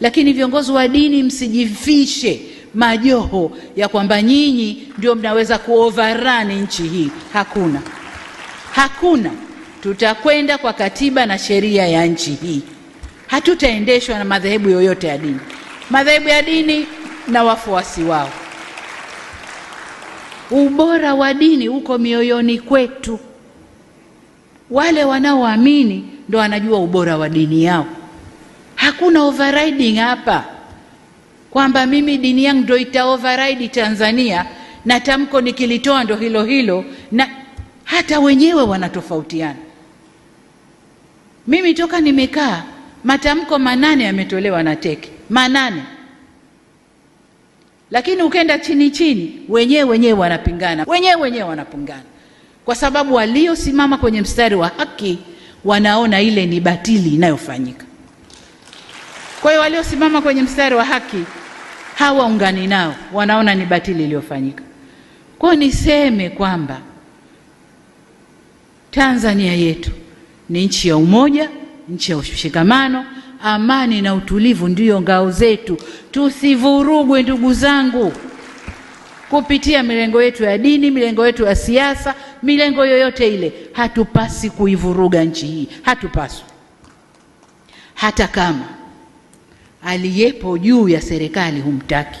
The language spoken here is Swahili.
Lakini viongozi wa dini, msijifishe majoho ya kwamba nyinyi ndio mnaweza kuoverrun nchi hii. Hakuna, hakuna. Tutakwenda kwa katiba na sheria ya nchi hii, hatutaendeshwa na madhehebu yoyote ya dini. Madhehebu ya dini na wafuasi wao. Ubora wa dini uko mioyoni kwetu. Wale wanaoamini ndo wanajua ubora wa dini yao. Hakuna overriding hapa kwamba mimi dini yangu ndio ita override Tanzania na tamko nikilitoa ndo hilo hilo, na hata wenyewe wanatofautiana. Mimi toka nimekaa matamko manane yametolewa na teki manane, lakini ukenda chini chini, wenyewe wenyewe wanapingana, wenyewe wenyewe wanapingana, kwa sababu waliosimama kwenye mstari wa haki wanaona ile ni batili inayofanyika. Kwa hiyo waliosimama kwenye mstari wa haki hawaungani nao, wanaona ni batili iliyofanyika. Kwa hiyo niseme kwamba Tanzania yetu ni nchi ya umoja, nchi ya ushikamano, amani na utulivu ndiyo ngao zetu. Tusivurugwe ndugu zangu, kupitia milengo yetu ya dini, milengo yetu ya siasa, milengo yoyote ile. Hatupasi kuivuruga nchi hii, hatupaswi hata kama aliyepo juu ya serikali humtaki.